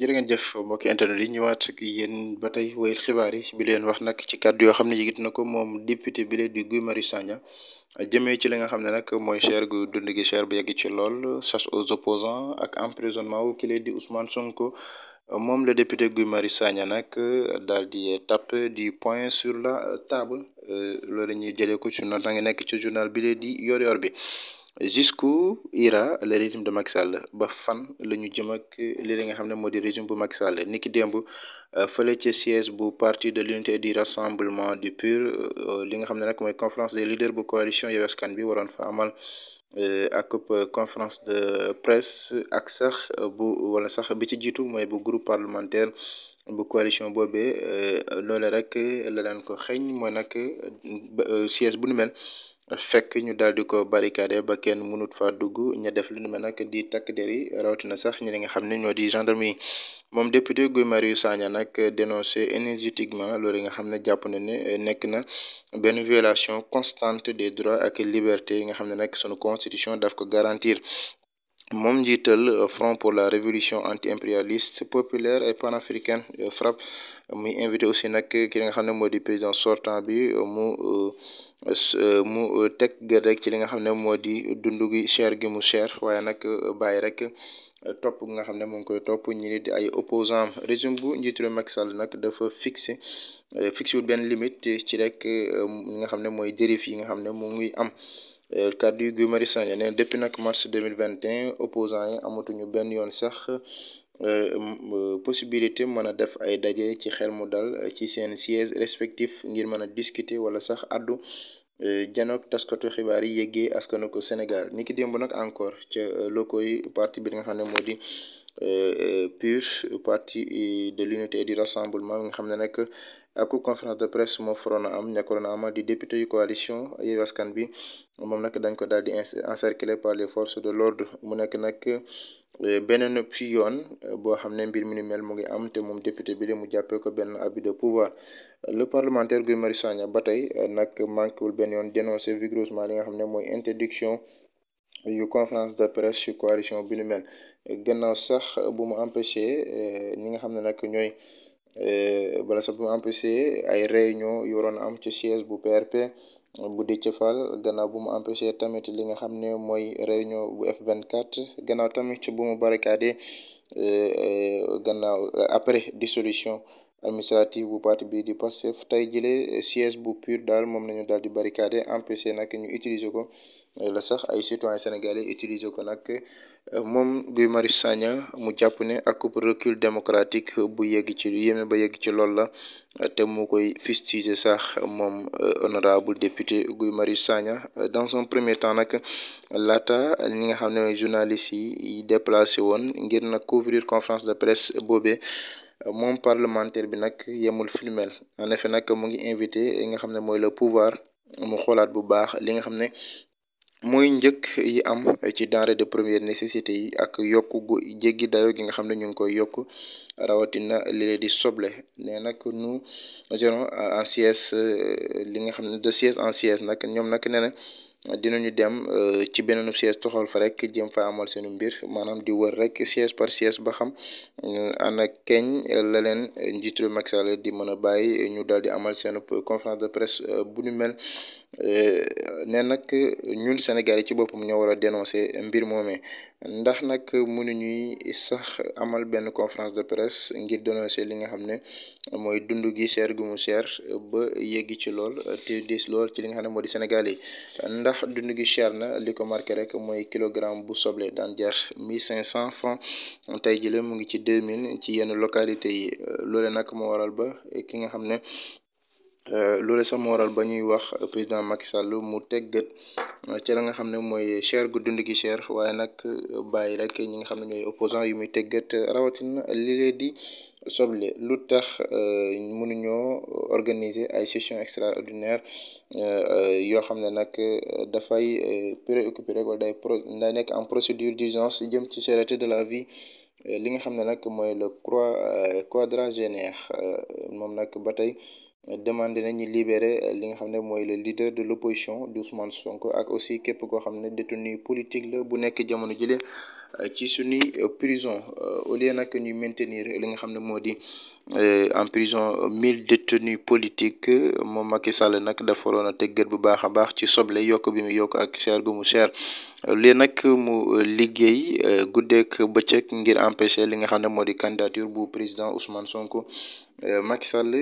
jërë ngeen jëf mbokki internet yi ñëwaat ak yéen ba tey wéyal xibaar yi bi leen wax nag ci kàddu yoo xam ne yëgit na ko moom député bi leen di Guy Marius Sagna jëmee ci li nga xam ne nag mooy cher gu dund gi bi bu yegg ci lool chasse aux opposants ak emprisonnement wu ki leen di Ousmane Sonko moom la député Guy Marius Sagna nag daal di taper du point sur la table euh, loolu la ñuy jëlee ko ci noonu nekk ci journal bi leen di yor-yor bi. jusqu'où ira le régime de Macky Sall ba fan la ñu jëm ak li nga xam ne moo di régime bu Macky Sall niki démb euh, fële ci siège bu parti de l'unité et du rassemblement du PUR euh, li nga xam ne nag mooy conférence des leaders bu coalition Yewwi Askan Wi waroon fa amal euh, ak conférence de presse ak sax bu wala sax bi ci jiitu mooy bu groupe parlementaire bu coalition boobee loole rek la daan ko xeeñ mooy nag siège bu nu mel. fekk ñu daal di ko barricadé ba kenn mënut fa dugg ña def lu nu ma nag di takk der yi rawatina sax ñu ñi nga xam ne ñoo di gendarmerie moom député Guy Marius Sagna nag dénoncé énergétiquement loolu nga xam ne jàpp na ne nekk na benn violation constante de droits ak libertés yi nga xam ne nag sunu constitution daf ko garantir moom njiital euh, front pour la révolution anti-impérialiste populaire et panafricaine euh, FRAPP muy invité aussi nag ki nga xam ne moo di président sortant bi euh, mu mu teg gër rek ci li nga xam ne moo di dund gi cher gi mu cher waaye nag bàyyi rek topp gi nga xam ne mu ngi koy topp ñi di ay opposants régime bu njiitu réew Macky Sall nag dafa fixé fixé wul benn limite ci rek li nga xam ne mooy dérive yi nga xam ne mu ngi am Euh, kàddu yu Guy Marius Sagna nee depuis nag mars 2021 opposant yi amatuñu benn yoon sax euh, euh, possibilité mën a def ay daje ci xel mu dal ci seen siège respectif ngir mën a discuter wala sax addu janook taskatu xibaar yi yéggee askanu ko Sénégal ni ki démb nag encore ca locaux yi parti bi nga xam ne moo di PUR parti de l'unité et du rassemblement nga xam ne nag aku euh, conférence de presse moo faroon am ñàkkoon a am di député yu coalition Yewwi Askan Wi moom nag dañ ko daal di encerclé par les forces de l'ordre mu nekk nag euh, beneen fi yoon euh, boo xam ne mbir mi ni mel mu ngi am te moom député bi de mu jàppee ko benn abus de pouvoir le parlementaire Guy Marius Sagna ba tey nag manquéwul benn yoon dénoncé vigoureusement li nga xam ne mooy interdiction yu conférence de presse yu coalition bi ni mel gannaaw sax bu mu empêché ñi nga xam ne nag ñooy bala euh, sax bu empêché ay réunion yu a am ci siège bu PRP bu Déthié Fall gannaaw bu mu empêché tamit li nga xam ne mooy réunion bu F24 gannaaw tamit ci bu mu barricadé euh, euh, gannaaw après dissolution administrative bu parti bi di Pastef tey jële siège bu PUR daal moom ñu daal di barricadé empêché nag ñu utiliser ko la sax ay citoyens sénégalais utiliser ko nag moom Guy mari Sagna mu jàpp ne ak recul démocratique bu yegg ci yéeme ba yegg ci loolu la te mu koy fustiger sax moom euh, honorable député Guy mari Sagna dans un premier temps nag laata ñi nga xam ne journalistes yi déplacé woon ngir na couvrir conférence de presse boobee. moom parlementaire bi nag yemul filmel en effet nag mu ngi invité li nga xam ne mooy le pouvoir mu xoolaat bu baax li nga xam ne mooy njëkk yi am ci denrée de première nécessité yi ak yokk gu jéggi dayo gi nga xam ne ñu ngi koy yokk rawatina li leen di soble nee nag nous gérons en siège euh, li nga xam ne de siège en siège nag ñoom nag nee na ñu dem euh, ci beneen siège toxal fa rek jëm fa amal seenu mbir maanaam di wër rek siège par siège ba xam euh, ana keñ la leen njiitu Macky Sall di mën a bàyyi ñu daal di amal seen conférence de presse bu ñu mel Euh, neen nag ñun Sénégal yi ci boppam ñoo war a dénoncer mbir moomee ndax nag ñuy sax amal benn confrance de presse ngir dénoncer li nga xam ne mooy dund gi seer gu mu seer ba yegg ci lool te diis lool ci li nga xam ne moo di Sénégal yi ndax dund gi cher na li ko marqué rek mooy kilogramme bu soble daan jar mille cinq cent francs tey jii la mu ngi ci deux mille ci yenn localité yi loole nag moo waral ba ki nga xam ne Euh, loolu sax moo ba ñuy wax président Macky Sall mu teggat euh, ci la nga xam ne mooy cher gu dund gi cher waaye nag euh, bàyyi rek ñi nga xam ne ñooy opposant yu muy teggat rawatina li lee di soble lu tax mënuñoo organiser ay session extraordinaire yoo xam ne nag dafay préoccupé rek wala day pro day nekk en procédure d'urgence jëm ci cherté de la vie li nga xam ne nag mooy le croix quadragénaire moom nag ba tey demandé nañu libéré li nga xam ne mooy le leader de l'opposition Ousmane sonk ak aussi képp koo xam ne détenu politique la bu nekk jamono jële ci suñuy prison au lieu nag ñuy maintenir li nga xam ne moo di Euh, en prison mille détenus politique moom Macky Sall nag dafa waroon a tëggat bu baax a baax ci soble yokk bi mu yokk ak cher gu mu cher lii nag mu liggéey euh, guddeek bëccëg ngir empêcher li nga xam ne moo di candidature bu président Ousmane Sonko euh, Macky Sall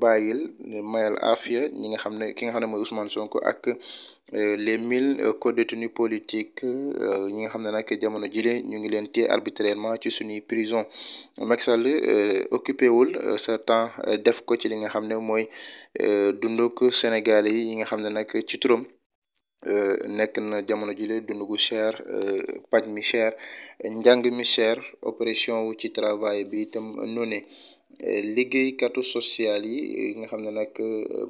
bàyyil mayal afia ñi nga xam ne ki nga xam ne mooy Ousmane Sonko ak les mille codétenus politiques ñi nga xam ne nag jamono jile ñu ngi leen téye arbitrairement ci suñuy prison Macky occupé euh, sa temps euh, def ko ci li nga xam ne mooy euh, dunduk sénégal yi yi nga xam ne nag ci turam nekk na jamono jile dund gu cher paj mi cher njàng mi cher opération wu ci travail bi itam noonu liggéeykatu social yi nga xam ne nag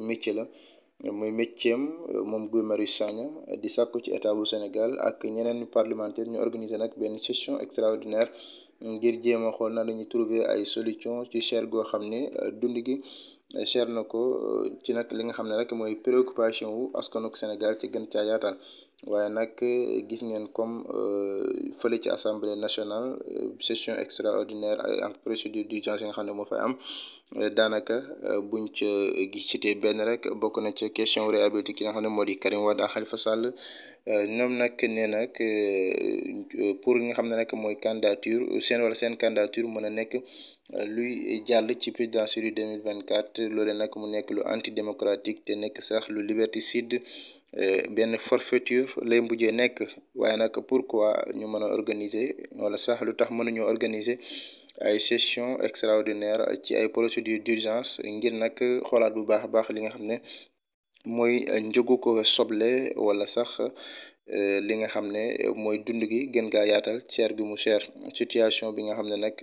métier la muy métier am moom Guy Marius Sagna di sàkku ci état bu Sénégal ak ñeneen parlementaire ñu organiser nag benn session extraordinaire ngir jéem a xool na la trouver ay solution ci cher goo xam ne euh, dund gi euh, cher na ko euh, ci nag li nga xam ne rek mooy préoccupation wu Sénégal ci gën caa waaye nag gis ngeen comme fële ci assemblée nationale session extraordinaire ay entre procédure d'urgence yi nga xam ne moo fa am daanaka buñ ca cité benn rek bokk na ci question réhabilité ki nga xam ne moo di Karim Wade ak Khalifa Sall ñoom nag nee nag euh, pour nga xam ne nag mooy candidature seen wala seen candidature mën a nekk euh, luy jàll ci présidentielle yu 2024 loole nag mu nekk lu antidémocratique te nekk sax lu liberticide euh, benn forfaiture lay mujjee nekk waaye nag pourquoi ñu mën a organiser wala sax lu tax mënuñoo organiser. ay session extraordinaire ci ay procédure d'urgence ngir nag xoolaat bu baax a baax li nga xam ne mooy euh, njëgu ko soble wala sax euh, li nga xam ne mooy dund gi gën gaa yaatal cher bi mu cher situation bi nga xam ne nag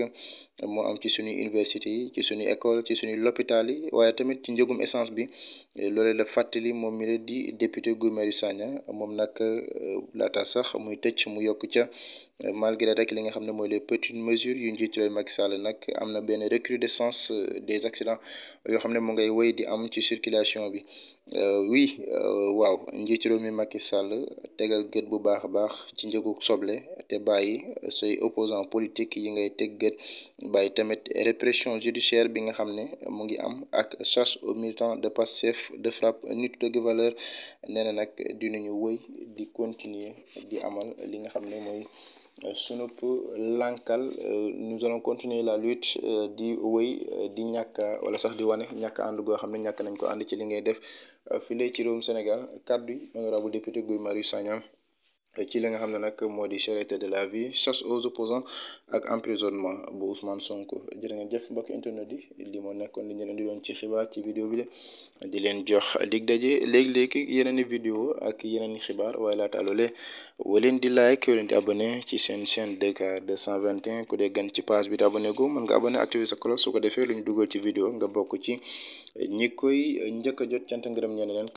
moo am ci suñu université yi ci suñu école ci suñuy lopitaan yi waaye tamit ci njëgum essence bi loole la fàttali moom mi la di député Guy Marius Sagna moom nag euh, laata sax muy tëj mu yokk ca euh, malgré rek li nga xam ne mooy les petites mesures yu njiitu réew Macky Sall nag am na benn recrudescence euh, des accidents yoo xam ne mu ngay wéy di am ci circulation bi oui waaw njiitu réew mi Macky Sall tegal gët bu baax a baax ci njëgu soble te bàyyi say opposants politiques yi ngay teg gët bàyyi tamit répression judiciaire bi nga xam ne mu ngi am ak chasse aux militants de Pastef de frappe nit dëgg valeur nee na nag dinañu woy di continuer di amal li nga xam ne mooy euh, sunub lankal euh, nous allons continuer la lutte euh, di wëy di ñàkk wala sax di wane ñàkk ànd goo xam ne ñàkk nañ ko ànd ci li ngay def file ci réewum Sénégal kàddu yi honorable député Guy Marius Sagna ci li nga xam ne nag moo di cherté de la vie chasse aux opposants ak emprisonnement bu Ousmane sonk jërë ngeen jëf mbokk internet yi li moo nekkoon li ñu di doon ci xibaar ci vidéo bi di leen jox dig daje léegi-léegi yeneen i vidéo ak yeneen i xibaar waaye laata loolee wa leen di like wa leen di abonné ci seen chaîne DK 221 ku dee gan ci page bi te abonné gu mën nga abonné activer sa cloche su ko defee lu ñu dugal ci vidéo nga bokk ci ñi koy njëkk a jot cant ngërëm ñeen leen